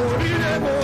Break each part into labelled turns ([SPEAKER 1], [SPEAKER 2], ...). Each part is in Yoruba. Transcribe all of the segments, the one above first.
[SPEAKER 1] moriremos.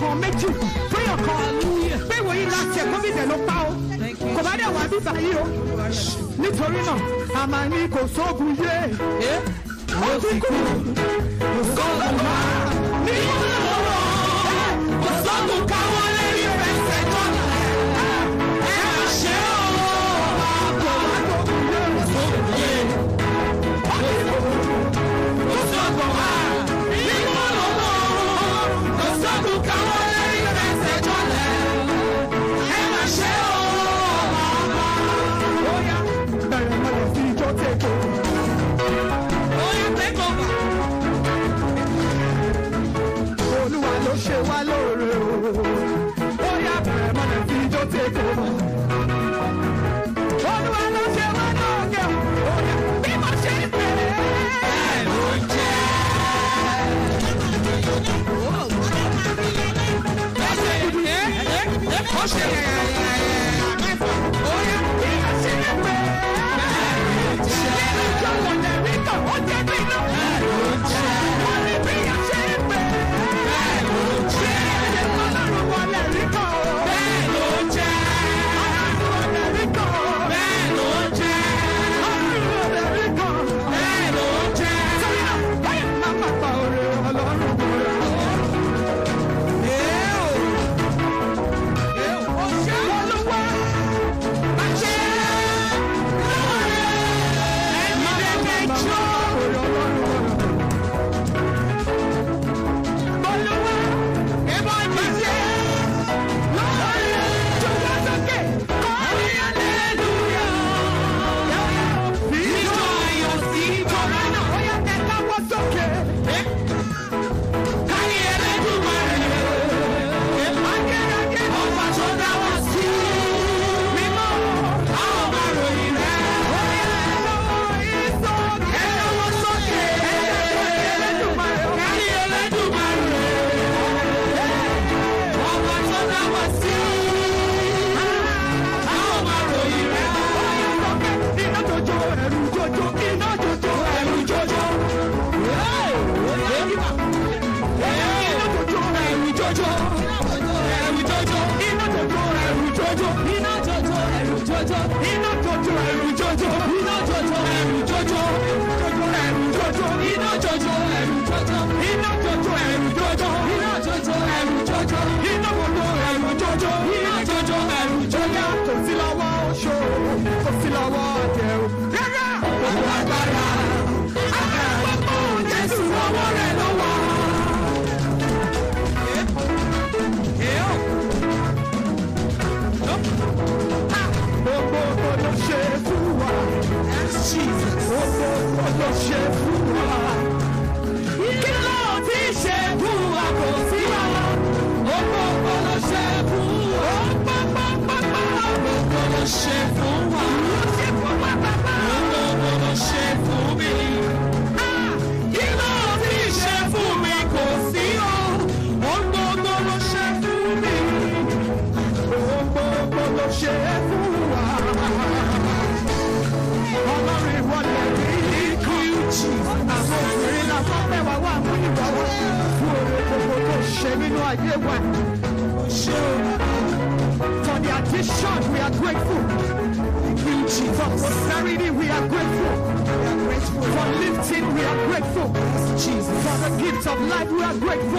[SPEAKER 1] ọkàn méjì bóyá ọkàn pé ìwòye láti ẹ̀kọ́ bíbẹ̀ ló pa ó kò bá dẹ̀ wá bíbá yìí come nítorí náà àmà ni Watch it.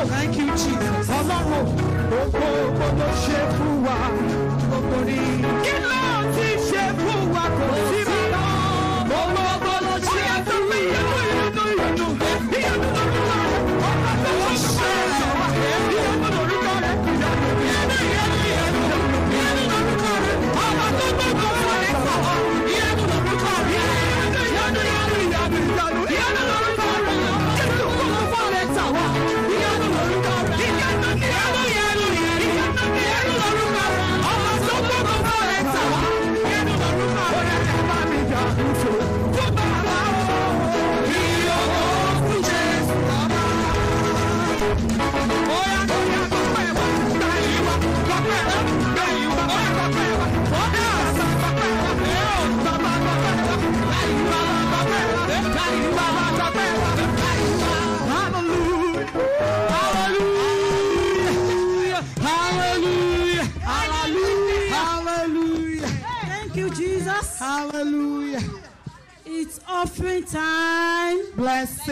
[SPEAKER 1] Thank you, Jesus. Ọlọ́run, gbogbo gbogbo ṣe fún wa, gbogbo ní.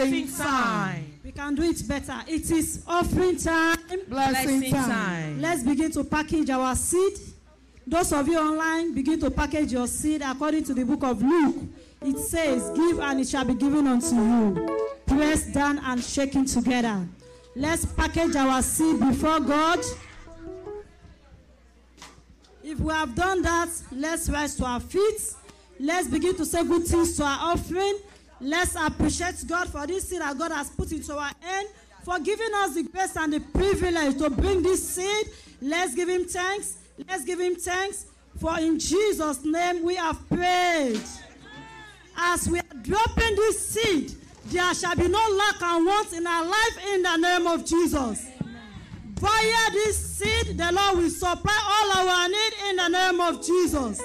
[SPEAKER 2] blessing time. We can do it better. It is offering time. Blessing, time. time. Let's begin to package our seed. Those of you online, begin to package your seed according to the book of Luke. It says, Give and it shall be given unto you. Pressed down and shaking together. Let's package our seed before God. If we have done that, let's rise to our feet. Let's begin to say good things to our offering. Let's appreciate God for this seed that God has put into our hand, for giving us the grace and the privilege to bring this seed. Let's give Him thanks. Let's give Him thanks, for in Jesus' name we have prayed. As we are dropping this seed, there shall be no lack and want in our life in the name of Jesus. Via this seed, the Lord will supply all our need in the name of Jesus.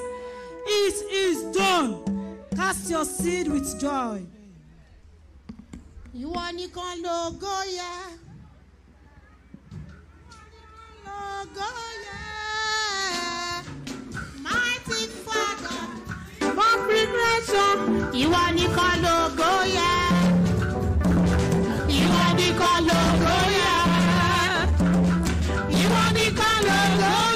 [SPEAKER 2] It is done cast your seed with joy.
[SPEAKER 3] You are Nikondo Goya. You are Nicolo Goya.
[SPEAKER 1] You are Nicolo Goya. You are Nicolo Goya.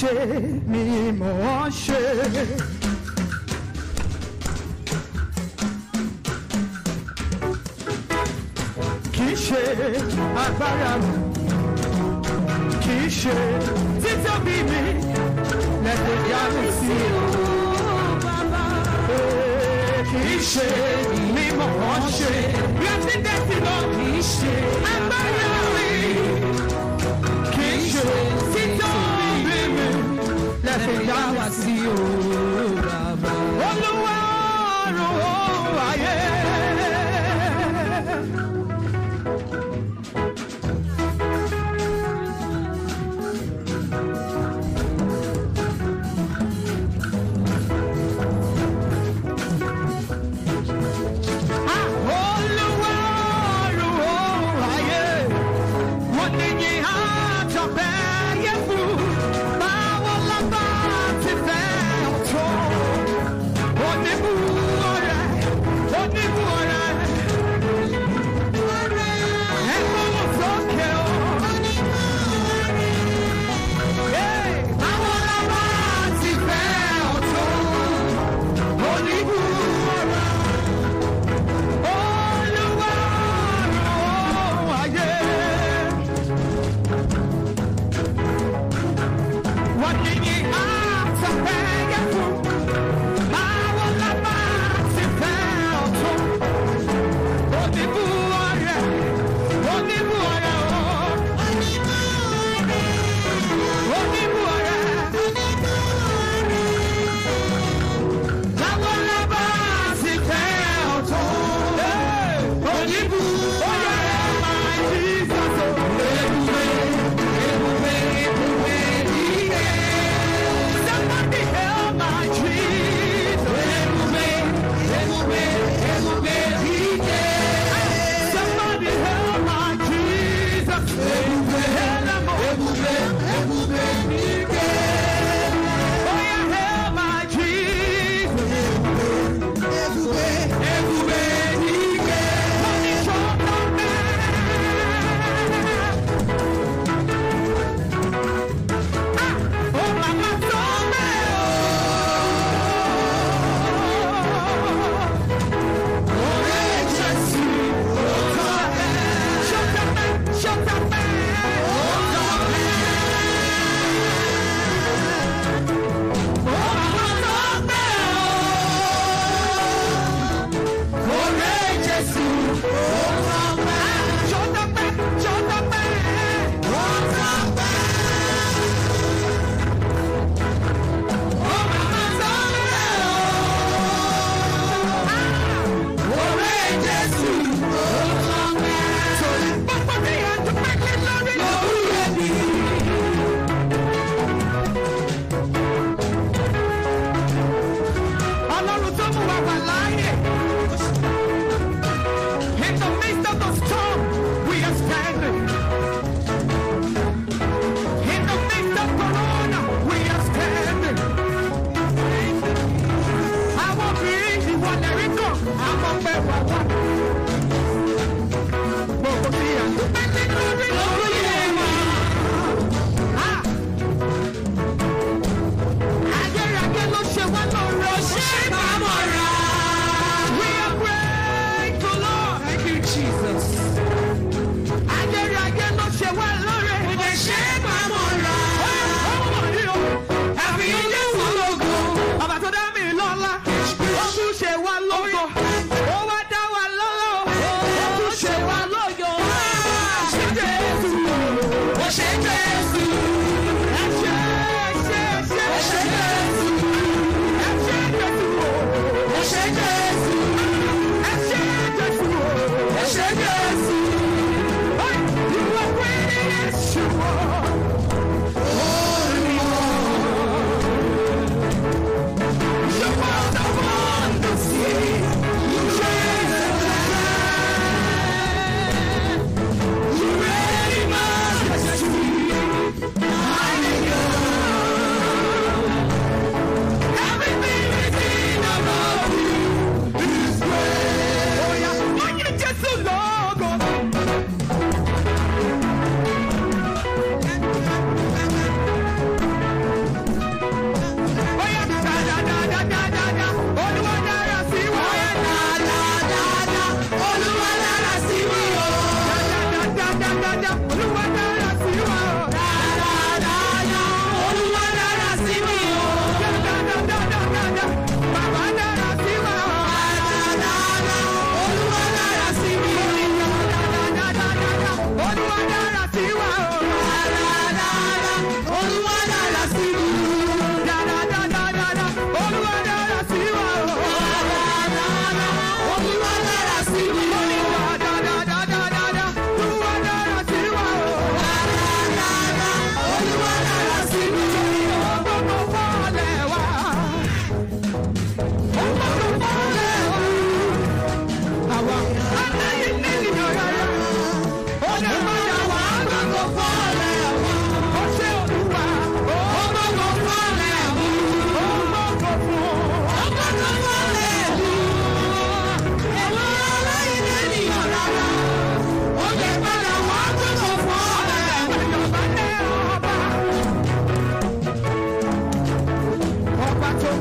[SPEAKER 1] ashe mi mo ashe kìí ṣe agbára mi Let ṣe títóbi mi lẹ́tọ̀ọ́ yá mi sí you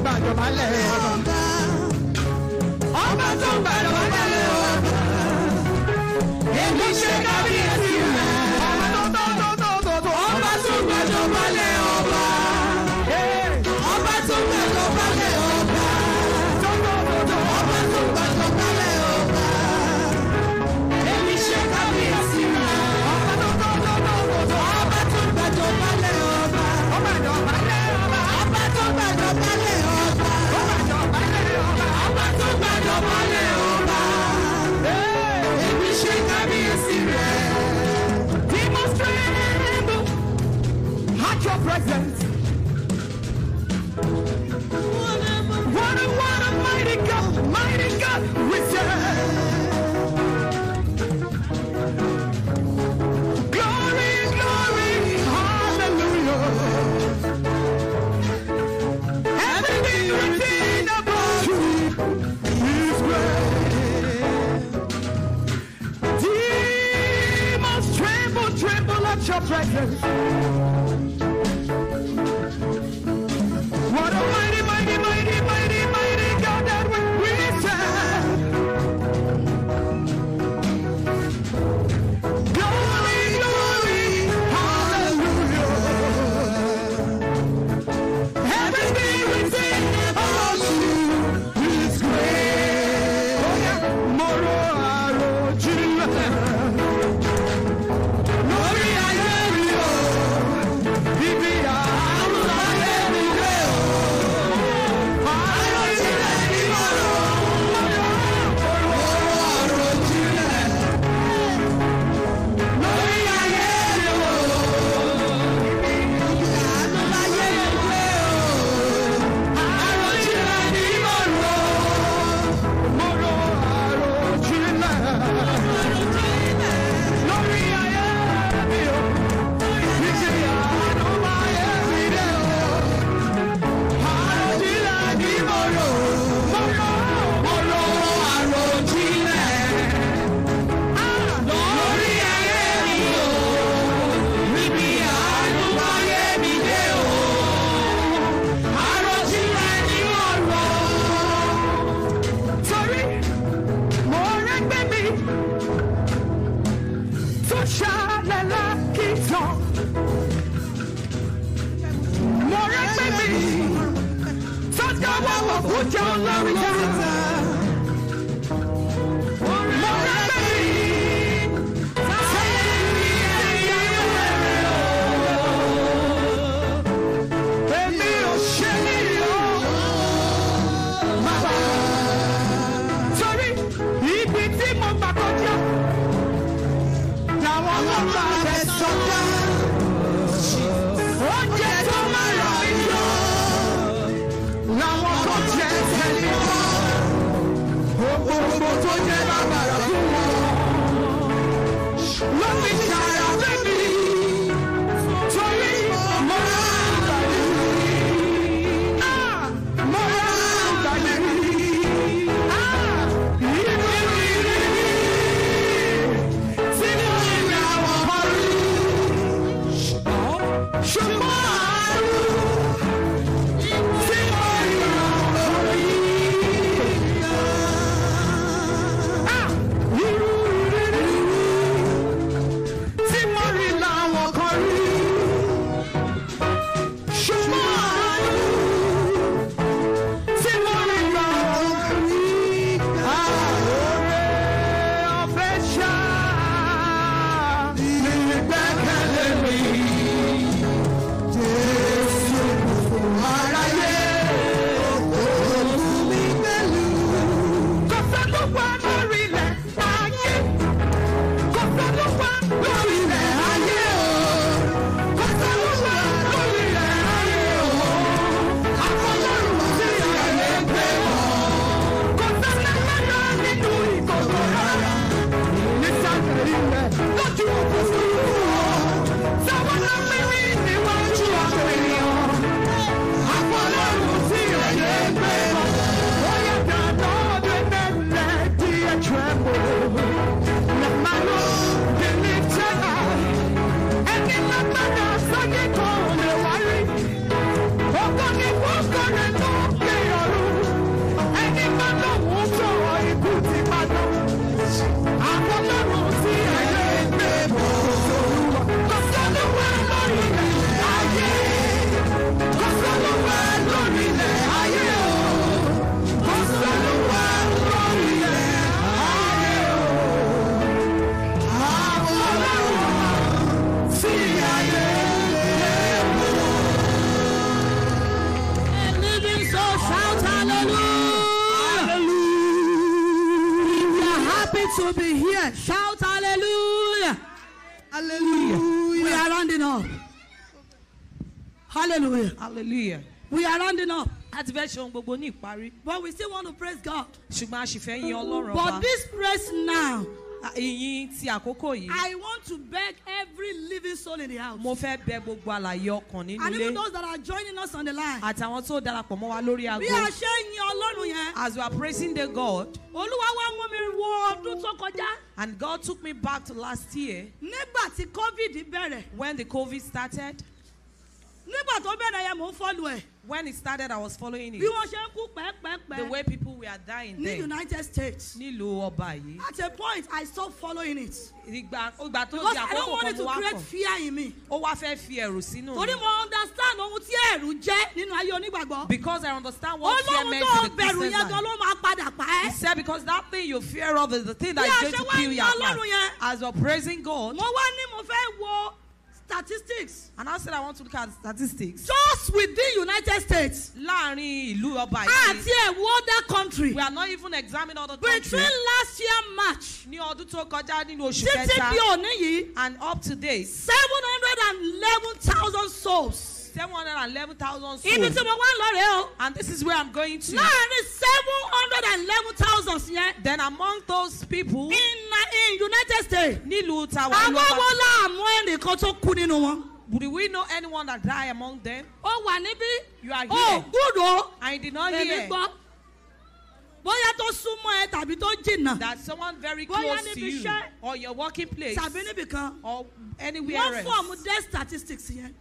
[SPEAKER 1] gbàjọba lẹ̀. presence.
[SPEAKER 3] happy to be here. Shout hallelujah.
[SPEAKER 1] Hallelujah. We are
[SPEAKER 3] rounding up. Hallelujah. Hallelujah. We are rounding up. but we still want to praise God.
[SPEAKER 1] but this
[SPEAKER 3] praise now. Ìyìn ti àkókò yìí. I want to beg every living soul in the house. Mo fẹ́ bẹ gbogbo àlàyé ọkàn nínú ilé. And even those that are joining us on the line. Àtàwọn tó darapọ̀ mọ́ wa lórí aago. Bí a ṣe ń yin Ọlọ́run yẹn. As we are praising the God. Olúwa wá mú mi wọ ọdún tó kọjá. And God took me back to last year. Nígbà tí COVID bẹ̀rẹ̀. When the COVID started. Nígbà tó bẹ̀rẹ̀ yẹn mò ń fọ́lù ẹ̀. When it started, I was following it. Bí wọ́n ṣe ń kú pẹ́ẹ́pẹ́ẹ́pẹ́. The way people were dying then. Ní United States. Nílùú ọba yìí. At a point, I stopped following it. Ìgbà ìgbà tó di àkókò kan mo Because I don't want it to create fear in me. Ó wá fẹ́ fi ẹ̀rù sínú mi. Torí mo understand ohun tí ẹ̀rù jẹ́ nínú ayé onígbàgbọ́. Because I understand what fear meant to the Christian Olóhùn tó bẹ̀rù yẹn gan ló máa padà pa ẹ́. He said because that thing you fear of is the thing that is going to kill your life. Bí a ṣe wá ń yan Ọlọ́run yẹn. As you're praising God. Mo wá ní mo fẹ́ wo statistics. And I said I want to look at statistics. Just within United States. Láàárín ìlú ọba yìí. Àti ẹ̀wọ̀ other country. We are not even examining other countries. Between last year March. Ní ọdún tó kọjá nínú oṣù kẹta. Títí di òní yìí. And up to date. Seven hundred and eleven thousand souls seven hundred and eleven thousand souls. ibi tí mo wá lọ rẹ̀ o. and this is where I'm going to. láàrin seven hundred and eleven thousand yẹn. then among those people. in in United States. nílùú tàwa lọ́wọ́. àwọn wo la àmọ́ ẹnìkan tó kú nínú wọn. Do we know anyone that died among them? Ó wà níbí. You are here. Oh, good o. I did not hear. Èmi gbọ́. Bóyá tó súnmọ́ ẹ tàbí tó jìnnà. That someone very close to you. Bóyá níbi iṣẹ́. Or your working place. Tàbí níbì kan. Or anywhere else. Wọ́n fọ̀mù death statistics yẹn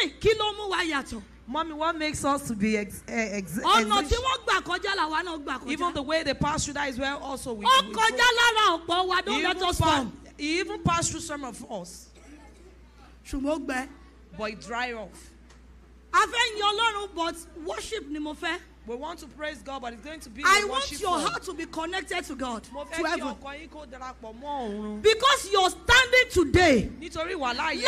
[SPEAKER 3] mọ́mì kí ló mú wa yàtọ̀. Mommy, what makes us to be ex, eh, ex, ex, ọ̀nà tí wọ́n gbà kọjá làwa náà gbà kọjá. even the way they pass through that is where also we. ó kọjá lára ọ̀pọ̀ wa don't let us come. he even pass through some of us. ṣùgbọ́n ó gbẹ. but it dry off. a fẹ́ yin Ọlọ́run but worship ni mo fẹ́. We want to praise God, but it's going to be. I want your form. heart to be connected to God. To heaven. Because you're standing today. United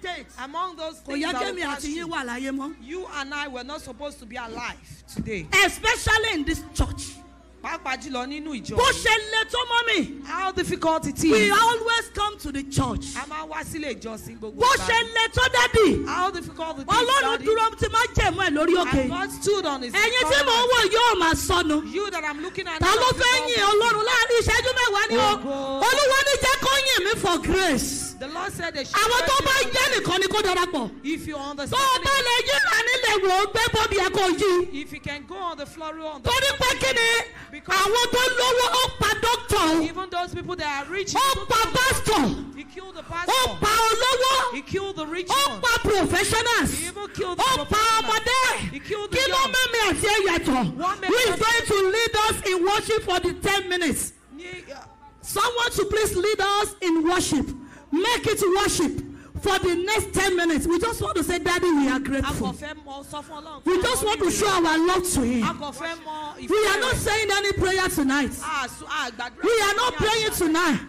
[SPEAKER 3] States. Among those things that You and I were not supposed to be alive today. Especially in this church pàápàá jùlọ nínú ìjọ. bó ṣe le tó mọ́ mi. how difficult it is. we always come to the church. a máa wá sílé ìjọsìn gbogbo ìgbà. bó ṣe le tó dádì. how difficult it is daddy. ọlọ́run dúró ti máa jẹ̀mọ́ ẹ̀ lórí òkè. I got stood on his corner. ẹ̀yin tí mò ń wò yóò máa sọnù. you that I'm looking at. ta ló fẹ́ yìn ọlọ́run láàrin ìṣẹ́jú mẹ́wàá ni o. olúwa ní jẹ́ kó yìn mí for grace àwọn tó bá jẹ́ nìkan ni kó darapọ̀. tó o bá lè yíra nílẹ̀ wò ó gbé bóbi ẹ̀ kò yí. torí pé kí ni àwọn tó lówó ó pa dókítà o ó pa pásítọ̀ ó pa olówó ó pa professionals ó pa ọmọdé kí ló mẹ́mi àti ẹ̀yàtọ̀ who is going to lead us in worship for the ten minutes. Uh, Someone to please lead us in worship make it worship for the next ten minutes we just want to say daddy we are grateful we just want to show our love to him we are not saying any prayer tonight we are not praying tonight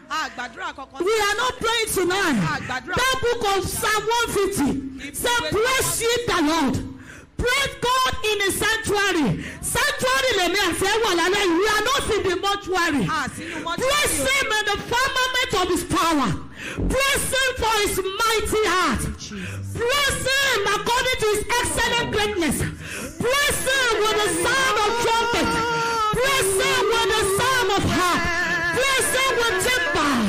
[SPEAKER 3] we are not praying tonight that
[SPEAKER 4] book of psalm
[SPEAKER 3] one fifty say bless ye the lord praise God in the sanctuary sanctuary lèmi àti ẹ wà lálẹ́ yìí we are not in the mortuary ah, praise him in the firmament of his power praise him for his mighty heart
[SPEAKER 1] praise him according to his excellent greatness praise him with the sound of trumpet praise him with the sound of harp praise him with timbrel.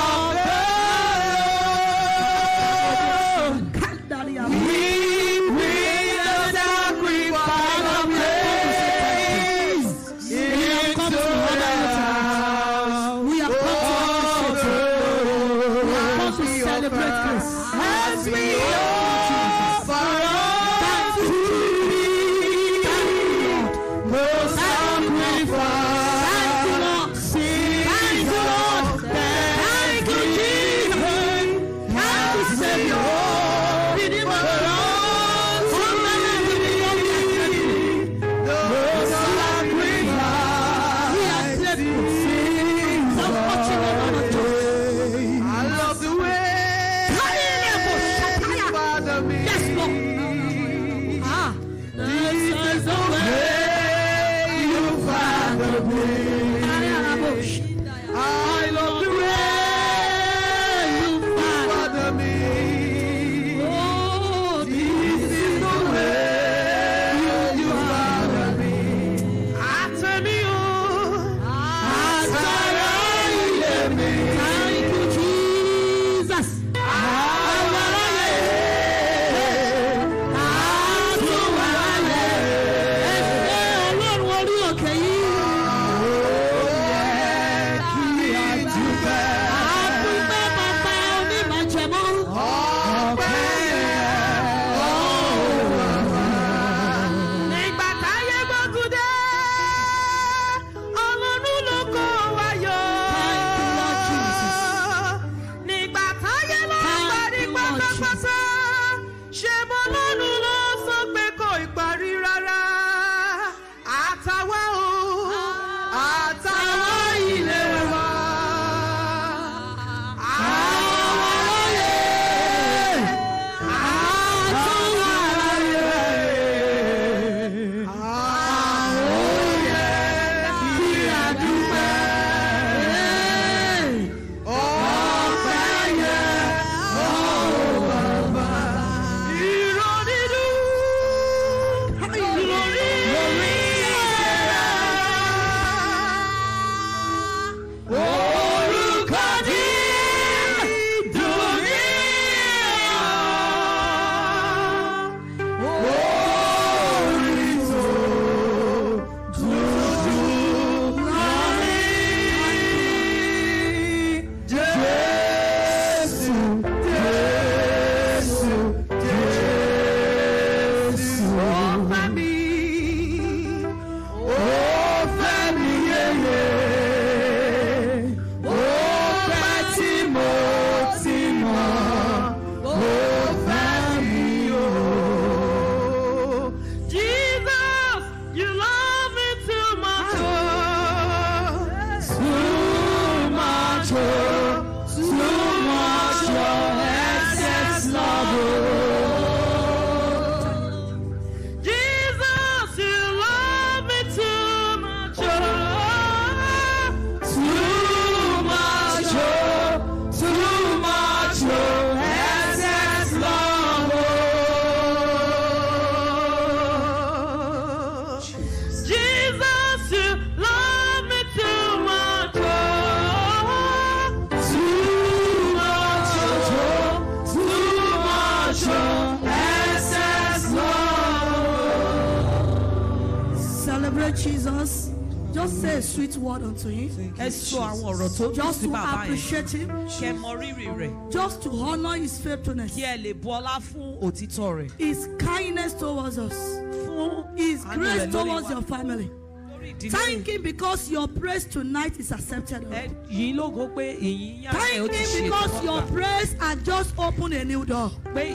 [SPEAKER 3] word unto him. Ẹ sọ àwọn ọ̀rọ̀ tó dùn sí bàbá yẹn. Just to appreciate him. Kẹ mọ rírì rẹ̀. Just to honour his faithfulness. Kí ẹ lè bu ọlá fún òtítọ́ rẹ̀. His kindness towards us. Fún his grace towards your family. Thank him because your praise tonight is accepted. Yìí lógo pé èyí yá ẹ ó ti Thank him because your praise has just opened a new door. Pé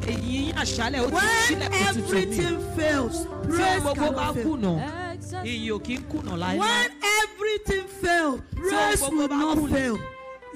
[SPEAKER 3] èyí àṣálẹ̀ ó ti sílẹ̀ kó mi. When everything fails, praise cannot fail. Tí gbogbo bá kùnà, iyì kùnà láéláé everything fail praise will not fail.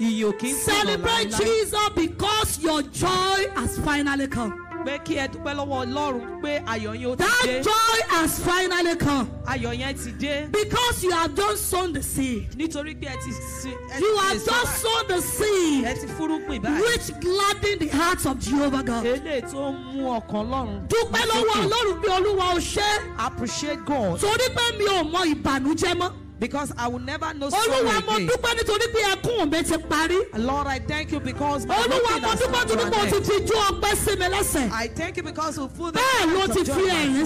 [SPEAKER 3] Ìyè kì sọ̀rọ̀ láéláé. Celebrate Jesus because your joy has finally come pé kí ẹ dúpẹ́ lọ́wọ́ Ọlọ́run pé ayọ̀ yẹn ó ti dé. that joy has finally come. ayọ̀ yẹn ti dé. because you have just sown the seed. nítorí pé ẹ ti sin. you have just sown the seed. ẹ ti fúrúgbìn báyìí. which gladden the heart of Jehovah God. eléyìí tó ń mú ọkàn Ọlọ́run. dúpẹ́ lọ́wọ́ Ọlọ́run bí Olúwa o ṣé. appreciate God. torí pé mi ò mọ ìbànújẹ́ mọ́. because I will never know sorrow again. Lord I thank you because my has I thank you because of joy on my face. Bẹ́ẹ̀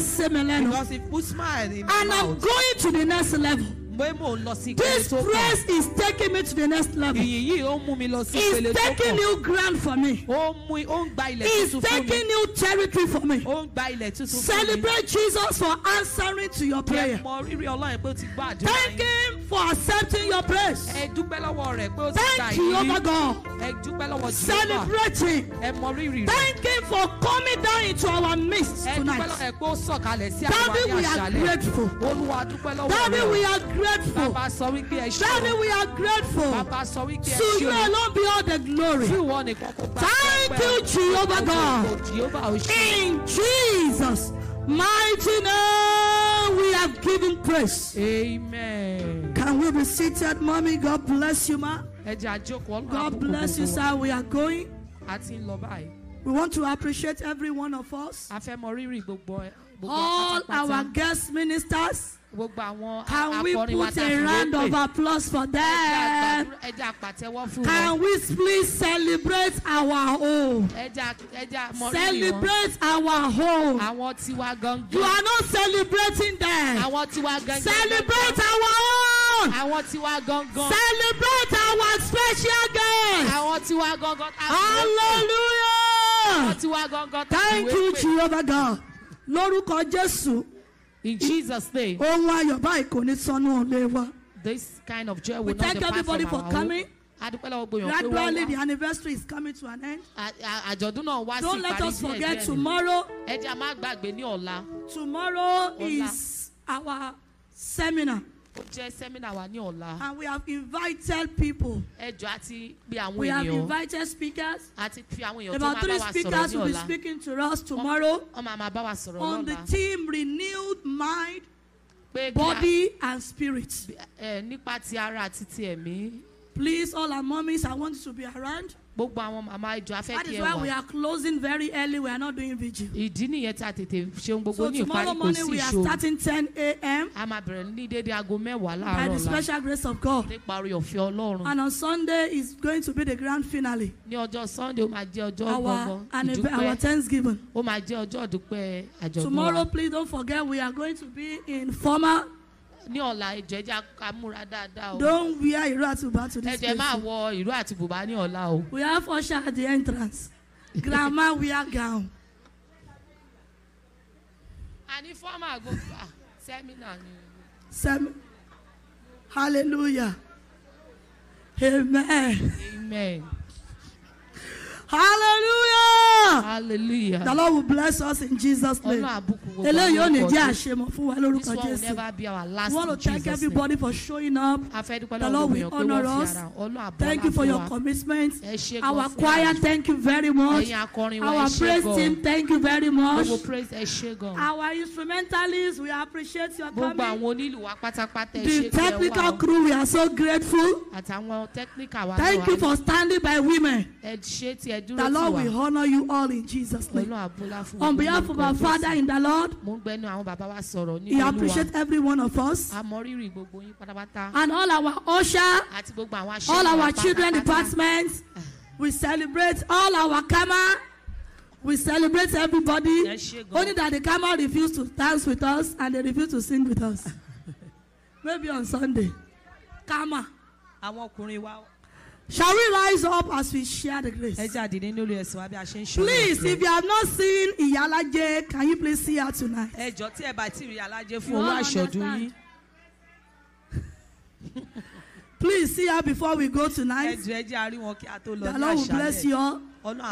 [SPEAKER 3] you smile in my mouth. I'm going to the next level. pé mò lọ sí ìpele tó kàn. this praise is taking me to the next level. ìyìn yìí ó mú mi lọ sí ìpele tó kàn. he taking new ground for me. ó mú ó ń gba ilẹ̀ tuntun fún mi. he taking new territory for me. ó ń gba ilẹ̀ tuntun fún mi. celebrate Jesus for answering to your prayer. ẹ mọ rírì ọlọ́run pé ó ti gbọ́ àdúrà yín. thank you for accepting your praise. ẹ dúpẹ́ lọ́wọ́ rẹ̀ pé ó ti gbà yìí. thank you over God. ẹ dúpẹ́ lọ́wọ́ Jehova. celebrating. ẹ mọ rírì rẹ̀. thank you for coming down into our midst tonight. ẹ dúpẹ́ lọ́wọ́ pé ó sọ̀kalẹ̀ sí àwọn ní àṣálẹ̀. Daddy we are grateful. Olúwa dúpẹ́ lọ́wọ́ rẹ̀. Daddy we are grateful. Bàbá sọ wípé ẹ ṣe. Daddy we are grateful. Bàbá sọ wípé ẹ ṣe. To you alone be all the glory. Tí ìwọ nìkan kò gbà pẹ́pẹ́. Thank you Jehovah God. In Jesus mighty name we have given praise. Amen. Can we be seated, mommy? God bless you, ma. God bless you, sir. We are going. We want to appreciate every one of us. All our guest ministers can we put a round of applause for them. can we please celebrate our own. celebrate our own. you are not celebrating them. celebrate our own. celebrate our special guest. hallelujah. thank you jehovah god lórúkọ jésù. In Jesus' name. Ohun ayọ̀ báyìí kò ní sọnù ilé wa. This kind of joy will we not depart from our home. We thank everybody for coming. Gradually, the anniversary is coming to an end. Don't let us forget tomorrow. Tomorrow is our seminar. Ó jẹ́ sẹ́mínà wa ní ọ̀la. And we have invited people. Ẹjọ́ àti bí àwọn ènìyàn. We have invited speakers. Àti fi àwọn èèyàn tó máa bá wa sọ̀rọ̀ ní ọ̀la. About three speakers will be speaking to us tomorrow. Wọ́n máa máa bá wa sọ̀rọ̀ lọ́la. On the theme renewed mind, body and spirit. Nípa ti ara àti ti ẹ̀mí. Please all our mummies I want you to be around gbogbo àwọn màmá ìjọ afẹ́ kí ẹ wà. that is why we are closing very early we are not doing vigil. ìdí nìyẹn tá a tètè ṣeun gbogbo ní ìparí kò sí ìṣó. so tomorrow morning we are starting ten a.m. a máa bẹ̀rẹ̀ ní dédé aago mẹ́wàá láàárọ̀ la. by the special grace of God. nípa orí ọ̀fẹ́ Ọlọ́run. and on Sunday is going to be the grand finale. ní ọjọ́ Sunday ó máa jẹ́ ọjọ́ gbọ̀ngàn ìdúpẹ́ our thanksgiving. ó máa jẹ́ ọjọ́ ìdúpẹ́ àjọ̀dún wa. tomorrow please don't forget we are going to be in formal ní ọ̀la ẹ̀jọ̀ ẹ̀jẹ̀ ká múra dáadáa o. don't wear ìró àti bùbá to this place. ẹ̀jẹ̀ máa wọ ìró àti bùbá ní ọ̀la o. we have usher at the entrance grandma wear gown. a ní fọ́ọ̀mù àgbọ̀gbà sẹ́mínà ni. sẹ́mi hallelujah amen. amen hallelujah. hallelujah. the lord will bless us in jesus name. ọlọ́run àbùkù gbogbo eléyìí ò ní jẹ́ àṣemọ fún wa lórúkọ jésù. this will never be our last in we want to thank everybody for showing up. The Lord will honor us. thank you for your commitment. our choir thank you very much. our praise team thank you very much. gbogbo praise ẹ our instrumentalists we appreciate your coming. gbogbo àwọn onílù wa pátápátá ẹ ṣe pé ẹ the technical crew we are so grateful. àtàwọn technical wa. thank you for standing by women. ẹ ṣe ti dúró tiwa. The Lord will honour you all in Jesus name. Olúwa Bọ́lá fún mi. On behalf of our father in the Lord. Mo ń gbẹnu àwọn bàbá wa sọ̀rọ̀ ní Olúwa. He appreciates every one of us. A rírì gbogbo yín pátápátá. And all our Osha, Àti gbogbo àwọn aṣẹ́wó pátápátá. All our children departments. We celebrate all our kama. We celebrate everybody. Only that the Kama refuse to dance with us and they refuse to sing with us. Maybe on Sunday. Kama. Àwọn ọkùnrin wa. Shall we rise up as we share the grace? Please if you have not seen Iyalaje, can you please see her tonight? Please see her before we go tonight. The Lord will bless you all.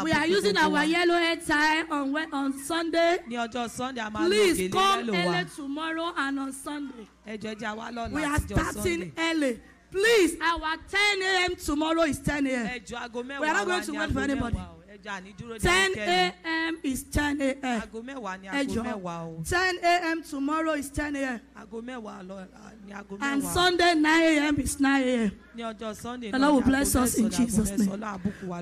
[SPEAKER 3] We are using our yellow hair tie on on Sunday. Please come early tomorrow and on Sunday. We are starting early. Please, our ten a.m. tomorrow is ten a.m. We are not going to wait for anybody. Ten a.m. is ten a.m. Ẹjọ́ 10 a.m. tomorrow is ten a.m. And Sunday nine a.m. is nine a.m. The Lord will bless us in Jesus' name.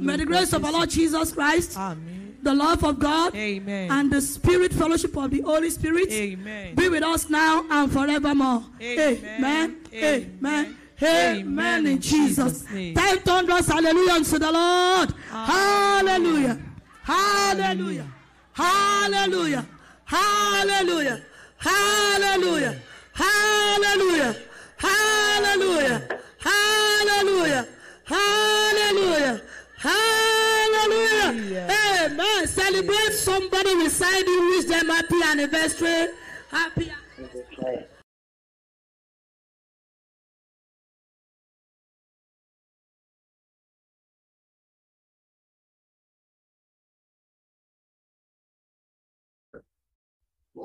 [SPEAKER 3] May the grace of our Lord Jesus Christ, Amen. the love of God, Amen. and the spirit fellowship of the Holy Spirit Amen. be with us now and forevermore.
[SPEAKER 1] Amen. Amen. Amen.
[SPEAKER 3] Amen, in Jesus. Jesus Type thunderous hallelujah unto the Lord. Hallelujah. Hallelujah. Hallelujah. Hallelujah. Hallelujah.
[SPEAKER 1] Hallelujah. Hallelujah. Hallelujah. Hallelujah. Hallelujah. Amen. Celebrate somebody beside you. Wish them happy anniversary. Happy anniversary.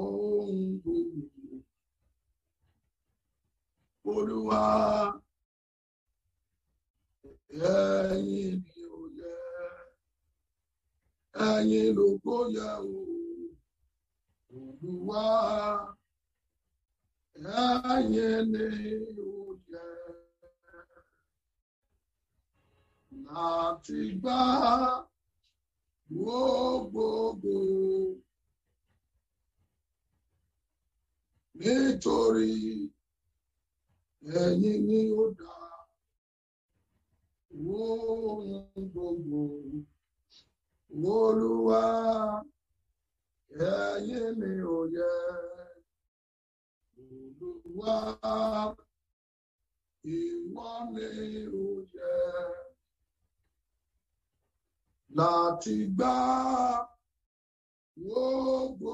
[SPEAKER 1] ohun gbogbo.
[SPEAKER 4] Olúwa ẹ̀yin ni ó yẹ, ẹ̀yin ló kó yẹ o.
[SPEAKER 1] Olúwa
[SPEAKER 4] ẹ̀yin ni na yẹ. Láti gbá gbogbogbò. nítorí ẹ̀yin ni ó dá ohun gbogbo olúwa ẹ̀yin ni ó yẹ olúwa ìwọ ni ó yẹ láti gbà gbogbo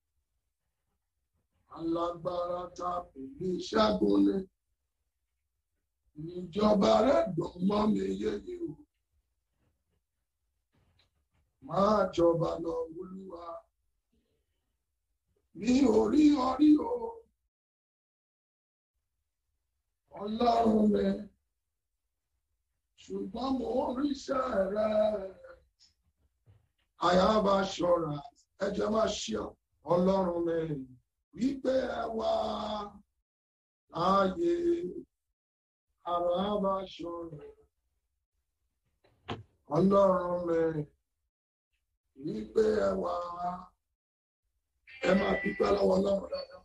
[SPEAKER 4] alágbára ta pèlú ìṣẹ́gun ni ìjọba rẹ dùn mọ́ mi yéye o máa jọba lọ olúwa
[SPEAKER 1] mi ò rí
[SPEAKER 4] orí o ọlọ́run mi ṣùgbọ́n mo rí iṣẹ́ rẹ àyà ṣọ́ra ẹ jẹ́ máa ṣe ọlọ́run mi wípé ẹ wá ààyè ara bá ṣọ̀rọ̀ ọlọ́run mẹ́rin wípé ẹ wá ẹ máa dúpẹ́ lọ́wọ́ ọlọ́run dáadáa.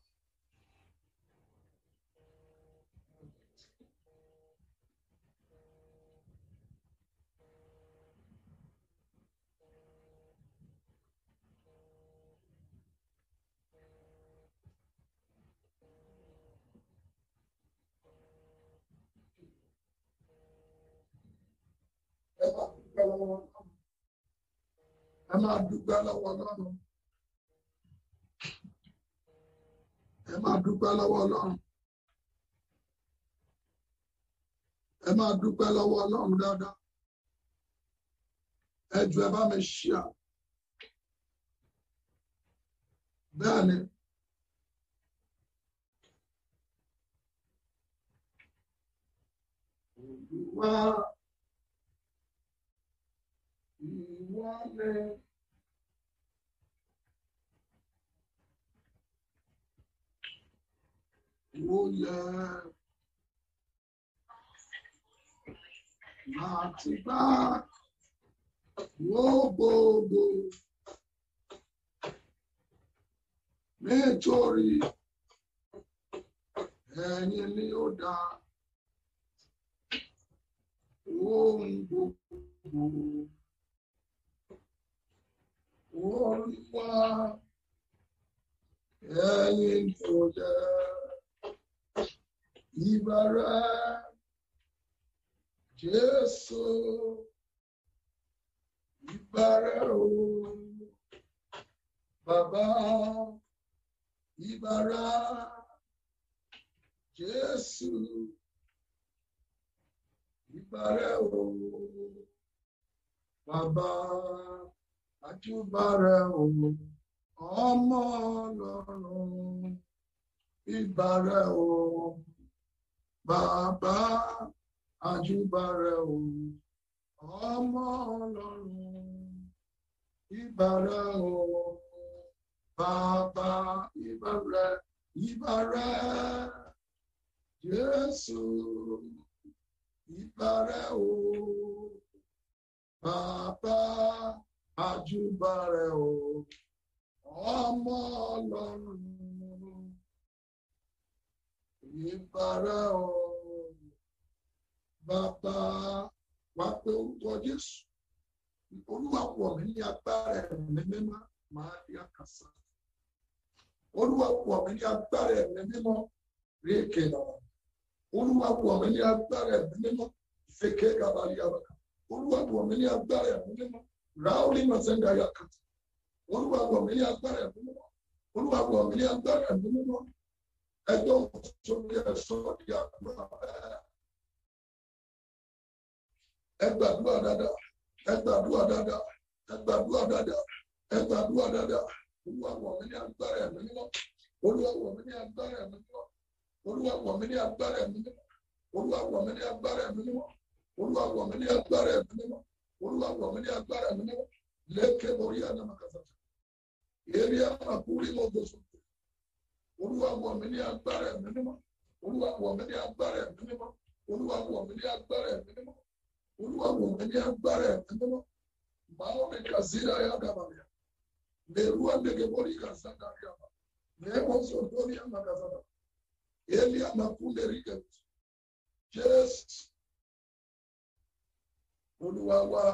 [SPEAKER 4] lọ́wọ́ ẹ máa dúpẹ́ lọ́wọ́ Ọlọ́run ẹ máa dúpẹ́ lọ́wọ́ Ọlọ́run ẹ máa dúpẹ́ lọ́wọ́ Ọlọ́run dáadáa ẹ jù ẹ bá mi ṣí à bẹ́ẹ̀ ni. Wow. longer Hallelujah. Back to back. Whoa, whoa, whoa. Nítorí ẹ̀yin ni ó olúwa ẹ̀yin tó jẹ́ ìbára jésù ìbára o bàbá ìbára jésù ìbára o àjùbàrẹ̀ òun ọmọ ọlọ́run ìbàrẹ̀ òun bàbá àjùbàrẹ̀ òun ọmọ ọlọ́run ìbàrẹ̀ òun bàbá ìbàrẹ̀ ìbàrẹ̀ Jésù ìbàrẹ̀ òun bàbá àjùbàrẹ̀ o ọmọ ọlọ́run o bàbá wa pé orúkọ Jésù olúwa wọ̀ mí ní agbára ẹ̀mí mímọ́ máa di àkàsà olúwa wọ̀ mí ní agbára ẹ̀mí mímọ́ rí èké lọ́wọ́ olúwa wọ̀ mí ní agbára ẹ̀mí mímọ́ fèké gàbàrí àbàkà olúwa wọ̀ mí ní agbára ẹ̀mí mímọ́ ráúlì màsẹ́ńdà yà kàtà olúwa wọ̀ mí ní agbára ẹ̀mí mímọ́ olúwa wọ̀ mí ní agbára ẹ̀mí mímọ́ ẹjọ́ òṣèlú ẹ̀sọ́ di àgbà ẹ gbàdúrà dáadáa ẹ gbàdúrà dáadáa ẹ gbàdúrà dáadáa ẹ gbàdúrà dáadáa olúwa wọ̀ mí ní agbára ẹ̀mí mímọ́ olúwa wọ̀ mí ní agbára ẹ̀mí mímọ́ olúwa wọ̀ mí ní agbára ẹ̀mí mímọ́ olúwa wọ̀ mí ní agbára ẹ̀mí mímọ́ olúwa wọ̀ mí ní agbára ẹ̀mí mímọ́ olúwa wọ̀ mí ní agbára mi náà lẹ́kẹ̀ borí anamakasata eré amakuri mọ̀ gbèsò olúwa wọ̀ mí ní agbára mi nímọ̀ olúwa wọ̀ mí ní agbára mi nímọ̀ olúwa wọ̀ mí ní agbára mi nímọ̀ olúwa wọ̀ mí ní agbára mi nímọ̀ màá mi kazira ya dàbàlẹ̀ mẹ́rùwá lẹ́kẹ̀ borí kazata rí àbá mẹ́wọ́n sọ̀ lórí anamakasata eré amakunde rí kẹ́kẹ́ olúwa wa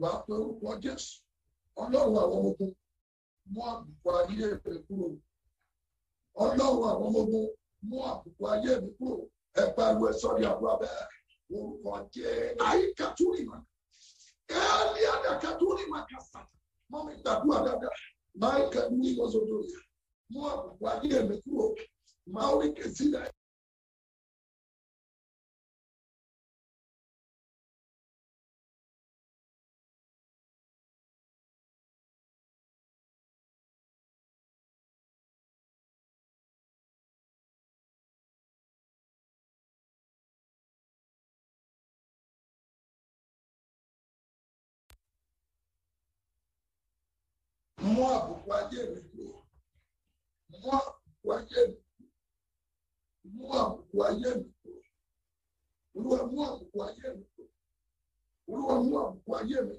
[SPEAKER 4] wà pé orúkọ jésù ọlọ́run àwọn ogun mú àbùkù ayé rẹ̀ kúrò ọlọ́run àwọn ogun mú àbùkù ayé mi kúrò ẹ pariwo ẹ sọ́ọ́dì àbúrò bẹ́ẹ̀ orúkọ jẹ́ àyíkàtúrì mà ẹ́ẹ́lì àdàkàtúrì mà kàfà mọ́mí
[SPEAKER 1] gbàdúrà dáadáa máa ń kàdúrì lọ́sọ̀dọ̀ mú àbùkù ayé mi kúrò máa ń rí kẹsílẹ̀.
[SPEAKER 4] ayé mi kúrò mú àbùkù ayé mi kúrò mú àbùkù ayé mi kúrò olúwa mú àbùkù ayé mi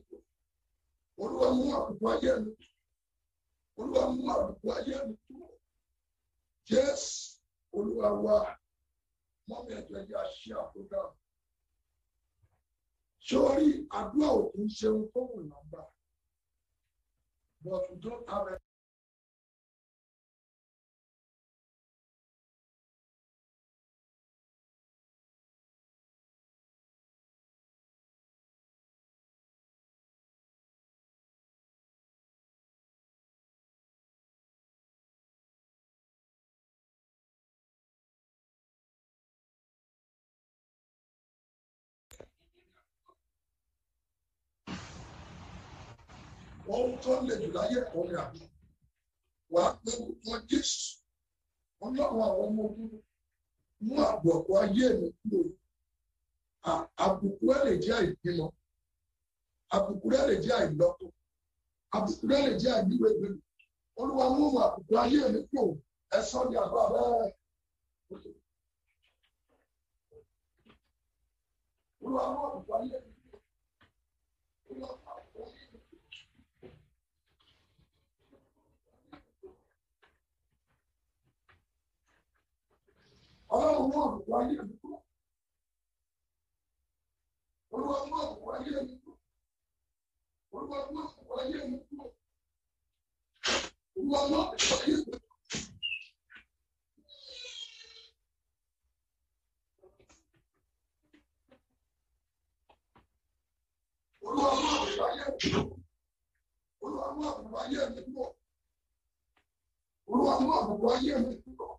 [SPEAKER 4] kúrò olúwa mú àbùkù ayé mi kúrò olúwa olúwa mú àbùkù mi kúrò yá ṣe àkójá sórí àdúrà òkú ṣeun tó wù nàgbà
[SPEAKER 1] but we don't have ohun tó
[SPEAKER 4] lè jù láyé ẹ̀kọ́ ni àbí wàá pé wọn jésù wọn láwọn àwọn ọmọ ogun mú àbọ̀ ọ̀pọ̀ ayé mi kúrò àbùkù rẹ̀ lè jẹ́ àìbímọ àbùkù rẹ̀ lè jẹ́ àìlọ́kọ àbùkù rẹ̀ lè jẹ́ àìníwègbè olúwa mú àbùkù ayé mi kúrò ẹ̀sọ́ ni àbá bẹ́ẹ̀. Olúwa mú àbùkù ayé mi kúrò. ọlọ́run mú àbùkù ayé mi kúrò olúwa mú àbùkù ayé mi kúrò olúwa mú àbùkù ayé mi kúrò olúwa mú àbùkù ayé mi kúrò. Olúwa mú àbùkù ayé mi kúrò. Olúwa mú àbùkù ayé mi kúrò. kúrò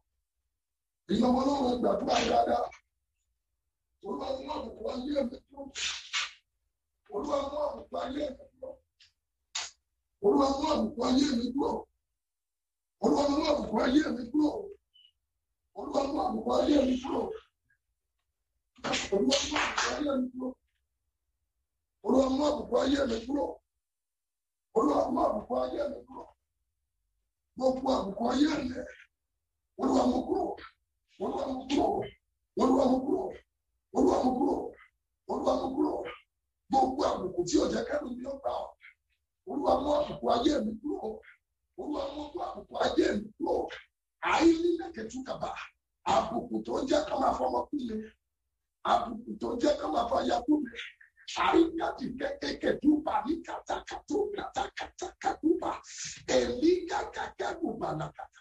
[SPEAKER 4] ìyàwó ọlọ́run ẹgbẹ́ àdúrà dáadáa olúwa mú àbùkù ayé ẹ̀mí tó olúwa mú àbùkù ayé ẹ̀mí tó olúwa mú àbùkù ayé ẹ̀mí tó olúwa mú àbùkù ayé ẹ̀mí tó olúwa mú àbùkù ayé ẹ̀mí tó olúwa mú àbùkù ayé ẹ̀mí tó olúwa mú àbùkù ayé ẹ̀mí tó olúwa mú àbùkù ayé ẹ̀mí tó gbogbo àbùkù ayé ẹ̀mí olúwa mú kúrò. Olúwa mú kúrò, Olúwa mú kúrò, Olúwa mú kúrò, Olúwa mú kúrò. Gbogbo àbùkù tí ọ̀jẹ̀ kẹ́rù mi ọ̀gbà ọ̀. Olúwa mú àbùkù ayé mi kúrò. Olúwa mú àbùkù ayé mi kata kata katuba elika kakakuba nakata.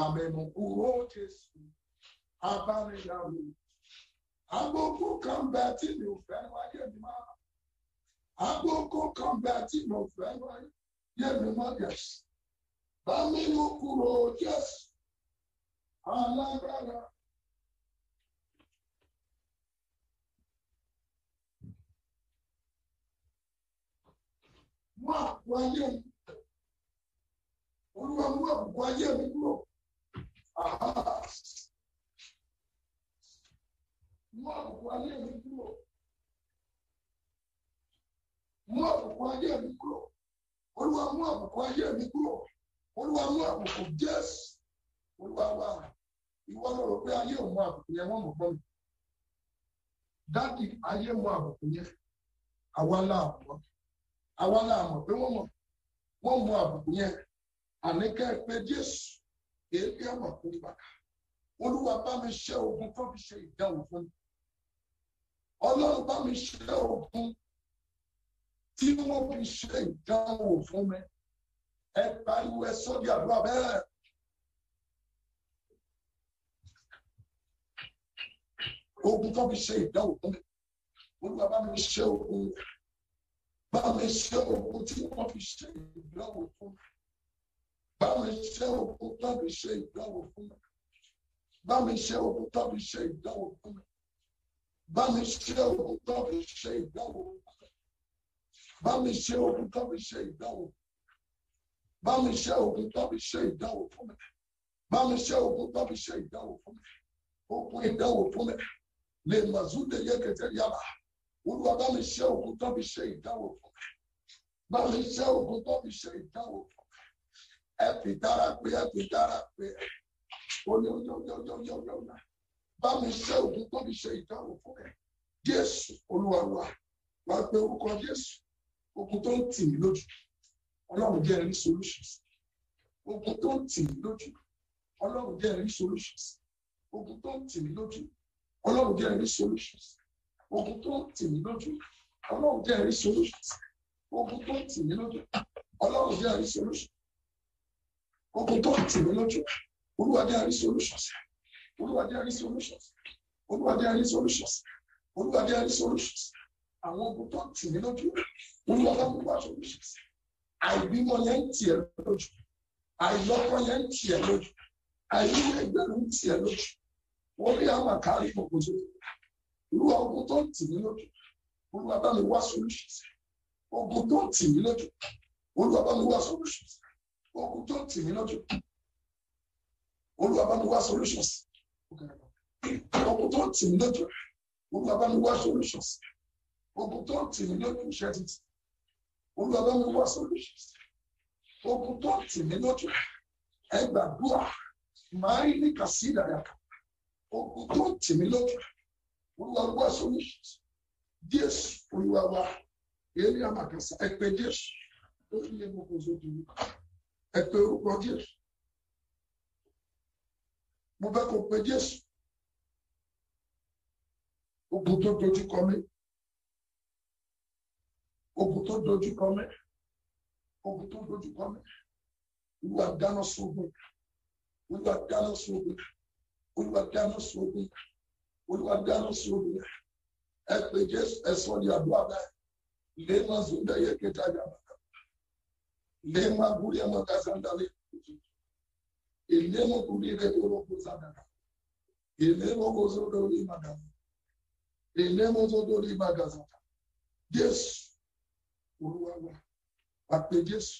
[SPEAKER 4] Àmẹ̀mùkúrò Jésù, abánidàrú. Agbóko kan bẹ tí mi ò fẹ́ ma. Aboko kambati Agbóko kan bẹ tí mi ò fẹ́ wáyé mi má Jésù. Bámímùkúrò Jésù, alágbára. Mú mi. Olúwa mú àpò ayé mi kúrò. Aha. Nwa akwụkwọ anyị ebikuro. Nwa akwụkwọ anyị ebikuro. Olúwa mú àbùkù ayé mi àbùkù yẹn Àwa pé àbùkù yẹn. Àníkẹ́ pé Jésù. èébí àwọn àkórí bàtà olúwa bá mi ṣe ogun tó fi ṣe ìdánwò fún mi ọlọ́run bá mi ṣe ogun tí wọ́n fi ṣe ìdánwò fún mi ẹ pariwo ẹ sọ́dí àdúrà bẹ́ẹ̀. ogun tó fi ṣe ìdánwò fún mi olúwa bá mi ṣe ogun bá mi ṣe ogun tí wọ́n fi ṣe ìdánwò fún mi bá mi ṣe òkúta mi ṣe ìdáwó fún mi bá mi ṣe òkúta mi ṣe ìdáwó fún mi bá mi ṣe òkúta mi ṣe ìdáwó fún mi bá mi ṣe òkúta mi ṣe ìdáwó bá mi ṣe òkúta mi ṣe ìdáwó fún mi bá mi ṣe òkúta mi ṣe ìdáwó fún mi okun ìdáwó fún mi lè màzúndé yẹ kẹtẹ yàrá olúwa bá mi ṣe òkúta mi ṣe ìdáwó fún mi bá mi ṣe òkúta mi ṣe ìdáwó fún mi ẹ fi tara pé ẹ fi tara pé ẹ ó ní ọjọ́ ọjọ́ ọjọ́ ọjọ́ ọjọ́ ọ̀la bá mi ṣe òkú tó mi ṣe ìdáhùn fún ẹ Jésù Olúwa wa wá pé orúkọ Jésù okun tó ń tì mí lójú Ọlọ́run jẹ́ ẹ̀rí solutions okun tó ń tì mí lójú Ọlọ́run jẹ́ ẹ̀rí solutions okun tó ń tì mí lójú Ọlọ́run jẹ́ ẹ̀rí solutions okun tó ń tì mí lójú Ọlọ́run jẹ́ ẹ̀rí solutions okun tó ń tì mí lójú Ọlọ́run jẹ́ ẹ̀rí solutions gbogbo tó àti ìrọ́lọ́jù olúwadé àrí solutions olúwadé àrí solutions olúwadé àrí solutions olúwadé àrí solutions àwọn ogun tó àti ìrọ́lọ́jù olúwadé àrí solutions àìbímọ yẹn ń tiẹ̀ lójú àìlọ́kọ yẹn ń tiẹ̀ lójú àìlúwẹ̀ ẹgbẹ̀rún ń tiẹ̀ lójú wọ́n rí àwọn àkárí gbogbo tó olúwa ogun tó àti ìrọ́lọ́jù olúwadé àrí wá solutions ogun tó àti ìrọ́lọ́jù olúwadé àrí wá solutions ogun tó tì mí lọ́jọ́ olúwa bá mi wá solutions ogun tó tì mí lọ́jọ́ olúwa bá mi wá solutions ogun tó tì mí lọ́jọ́ iṣẹ́ títì olúwa bá mi wá solutions ogun tó tì mí lọ́jọ́ ẹ gbàdúrà máa ń ní kàsí ìdàgbà ogun tó tì mí lọ́jọ́ olúwa wá solutions jésù olúwa wá èyí ni a máa kà sí ẹ pé ó ń lé gbogbo ojú ìlú ẹ pé orúkọ Jésù mo fẹ́ kó pe Jésù ogun tó dojú kọ mí ogun tó dojú kọ mí ogun tó dojú kọ mí olúwa dáná sóògùn olúwa dáná sóògùn olúwa dáná sóògùn olúwa dáná sóògùn ẹ pé Jésù ẹ sọ ní àdúrà báyìí lè má zòó dẹ́yẹ kẹta yàrá lema guria makasandale elemo kubire toroko sadaka elemo kozodori magasa elemo zodori magasa Jésù Olúwa wa àpè Jésù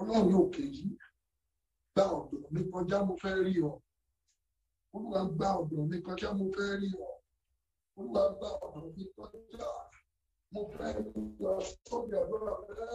[SPEAKER 4] Ọlọ́run òkè yìí gba ọ̀dọ̀ mi kọjá mo fẹ́ rí ọ Olúwa gba ọ̀dọ̀ mi kọjá mo fẹ́ rí ọ Olúwa gba ọ̀dọ̀ mi kọjá mo fẹ́ rí ọ sóbi ọ̀dọ̀ rẹ.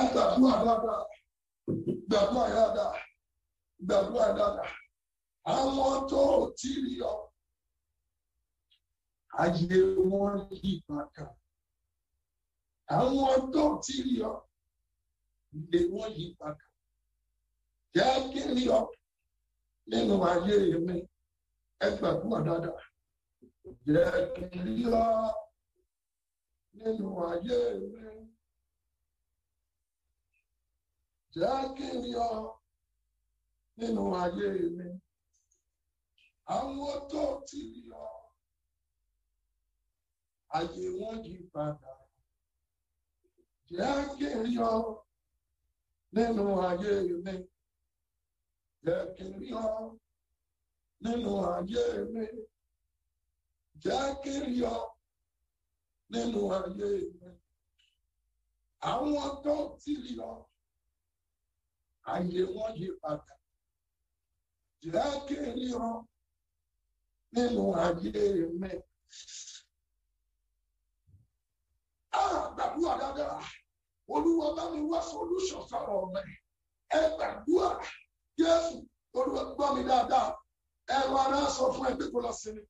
[SPEAKER 4] Àgbàdua dáadáa, gbàdua dáadáa, gbàdua dáadáa. Àwọn tó tí rí ọ, wọn yí Àwọn tó tí rí ọ, wọn yí Jẹ́ kí rí ọ nínú ayé mi, ẹ gbàdua dáadáa. Jẹ́ nínú ayé rẹ. Jẹ́ kí n yọ nínú ayé mi. Àwọn tó ti yọ, ayé wọn yí padà. Jẹ́ kí n yọ nínú ayé mi. Jẹ́ kí n yọ nínú ayé mi. Jẹ́ kí n yọ. nínú ayé mi. Àwọn tó ti lọ, ayé wọn yí padà. Jẹ́ kí n lọ nínú ayé mi. Àgbàdua dáadáa, olúwa bá mi wá solúṣọ̀ sọ̀rọ̀ mi. Ẹ gbàdúrà, Jésù, olúwa gbọ́ mi dáadáa. Ẹ̀rọ ara sọ fún ẹgbẹ́ kó lọ sí mi.